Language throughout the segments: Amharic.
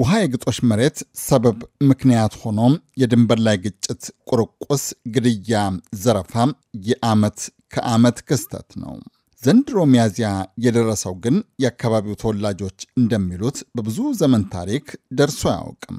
ውሃ የግጦሽ መሬት ሰበብ ምክንያት ሆኖ የድንበር ላይ ግጭት፣ ቁርቁስ፣ ግድያ፣ ዘረፋ የዓመት ከዓመት ክስተት ነው። ዘንድሮ ሚያዝያ የደረሰው ግን የአካባቢው ተወላጆች እንደሚሉት በብዙ ዘመን ታሪክ ደርሶ አያውቅም።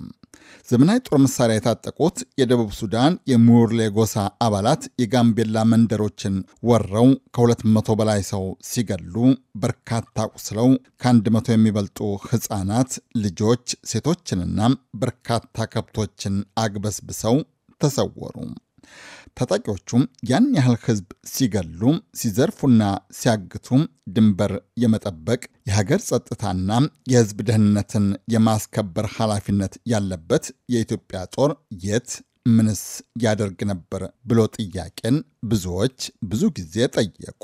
ዘመናዊ ጦር መሳሪያ የታጠቁት የደቡብ ሱዳን የሙርሌ ጎሳ አባላት የጋምቤላ መንደሮችን ወረው ከ200 በላይ ሰው ሲገሉ በርካታ ቁስለው ከ100 የሚበልጡ ሕፃናት፣ ልጆች፣ ሴቶችንና በርካታ ከብቶችን አግበስብሰው ተሰወሩ። ታጣቂዎቹም ያን ያህል ህዝብ ሲገሉ፣ ሲዘርፉና ሲያግቱ ድንበር የመጠበቅ የሀገር ጸጥታና የህዝብ ደህንነትን የማስከበር ኃላፊነት ያለበት የኢትዮጵያ ጦር የት ምንስ ያደርግ ነበር ብሎ ጥያቄን ብዙዎች ብዙ ጊዜ ጠየቁ።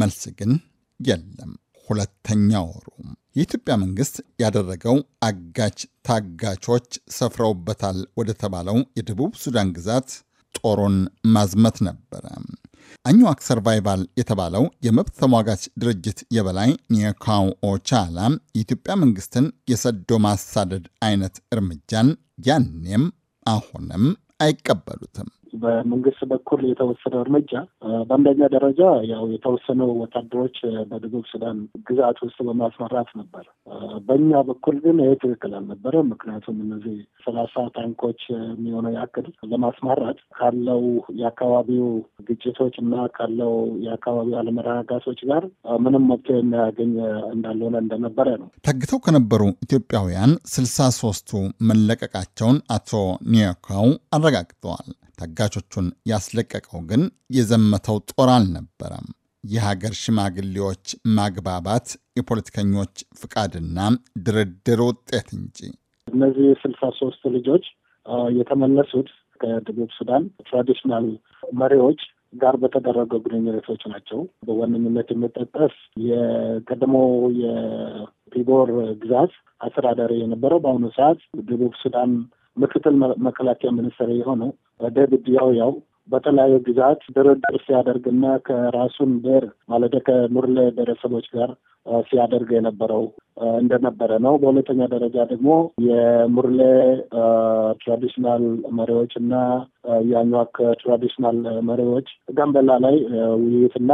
መልስ ግን የለም። ሁለተኛ ወሩ የኢትዮጵያ መንግስት ያደረገው አጋች ታጋቾች ሰፍረውበታል ወደ ተባለው የደቡብ ሱዳን ግዛት ጦሩን ማዝመት ነበረ። አኝዋክ ሰርቫይቫል የተባለው የመብት ተሟጋች ድርጅት የበላይ ኒካው ኦቻላ የኢትዮጵያ መንግስትን የሰዶ ማሳደድ አይነት እርምጃን ያኔም አሁንም አይቀበሉትም። በመንግስት በኩል የተወሰደው እርምጃ በአንደኛ ደረጃ ያው የተወሰኑ ወታደሮች በደቡብ ሱዳን ግዛት ውስጥ በማስመራት ነበር። በእኛ በኩል ግን ይህ ትክክል አልነበረ። ምክንያቱም እነዚህ ሰላሳ ታንኮች የሚሆነው ያክል ለማስማራት ካለው የአካባቢው ግጭቶች እና ካለው የአካባቢው አለመረጋጋቶች ጋር ምንም መፍትሄ የሚያገኝ እንዳልሆነ እንደነበረ ነው። ታግተው ከነበሩ ኢትዮጵያውያን ስልሳ ሶስቱ መለቀቃቸውን አቶ ኒያካው አረጋግጠዋል። ታጋቾቹን ያስለቀቀው ግን የዘመተው ጦር አልነበረም። የሀገር ሽማግሌዎች ማግባባት የፖለቲከኞች ፍቃድና ድርድር ውጤት እንጂ። እነዚህ ስልሳ ሶስት ልጆች የተመለሱት ከደቡብ ሱዳን ትራዲሽናል መሪዎች ጋር በተደረገ ግንኙነቶች ናቸው። በዋነኝነት የሚጠቀስ የቀድሞው የፒቦር ግዛት አስተዳዳሪ የነበረው በአሁኑ ሰዓት ደቡብ ሱዳን ምክትል መከላከያ ሚኒስትር የሆነው ዴቪድ ያውያው በተለያዩ ግዛት ድርድር ሲያደርግና ከራሱን ብሔር ማለት ከሙርሌ ብሔረሰቦች ጋር ሲያደርግ የነበረው እንደነበረ ነው። በሁለተኛ ደረጃ ደግሞ የሙርሌ ትራዲሽናል መሪዎች እና የአኟክ ትራዲሽናል መሪዎች ጋምቤላ ላይ ውይይትና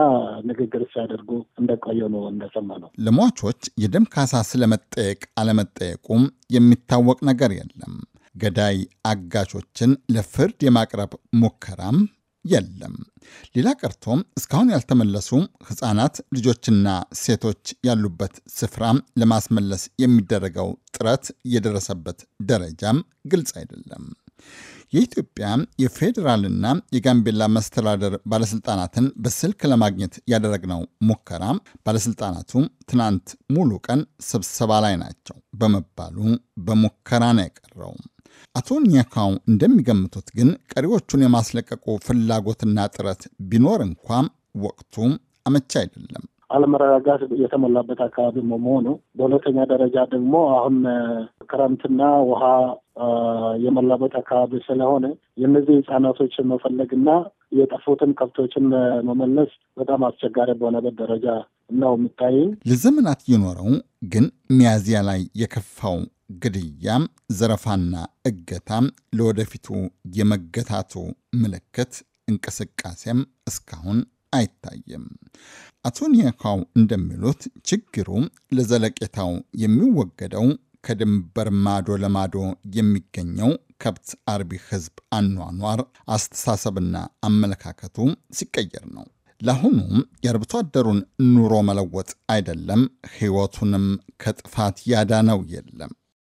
ንግግር ሲያደርጉ እንደቆየ ነው እንደሰማ ነው። ለሟቾች የደም ካሳ ስለመጠየቅ አለመጠየቁም የሚታወቅ ነገር የለም። ገዳይ አጋቾችን ለፍርድ የማቅረብ ሙከራም የለም። ሌላ ቀርቶም እስካሁን ያልተመለሱ ሕፃናት ልጆችና ሴቶች ያሉበት ስፍራ ለማስመለስ የሚደረገው ጥረት የደረሰበት ደረጃም ግልጽ አይደለም። የኢትዮጵያ የፌዴራልና የጋምቤላ መስተዳደር ባለስልጣናትን በስልክ ለማግኘት ያደረግነው ሙከራ ባለስልጣናቱ ትናንት ሙሉ ቀን ስብሰባ ላይ ናቸው በመባሉ በሙከራ ነው የቀረው። አቶ ኒያካው እንደሚገምቱት ግን ቀሪዎቹን የማስለቀቁ ፍላጎትና ጥረት ቢኖር እንኳን ወቅቱ አመቻ አይደለም። አለመረጋጋት የተሞላበት አካባቢ መሆኑ፣ በሁለተኛ ደረጃ ደግሞ አሁን ክረምትና ውሃ የሞላበት አካባቢ ስለሆነ የነዚህ ህጻናቶችን መፈለግና የጠፉትን ከብቶችን መመለስ በጣም አስቸጋሪ በሆነበት ደረጃ ነው የሚታይ። ለዘመናት የኖረው ግን ሚያዚያ ላይ የከፋው ግድያም፣ ዘረፋና እገታም ለወደፊቱ የመገታቱ ምልክት እንቅስቃሴም እስካሁን አይታየም። አቶ ኒያካው እንደሚሉት ችግሩ ለዘለቄታው የሚወገደው ከድንበር ማዶ ለማዶ የሚገኘው ከብት አርቢ ሕዝብ አኗኗር አስተሳሰብና አመለካከቱ ሲቀየር ነው። ለአሁኑም የአርብቶ አደሩን ኑሮ መለወጥ አይደለም፣ ሕይወቱንም ከጥፋት ያዳነው የለም።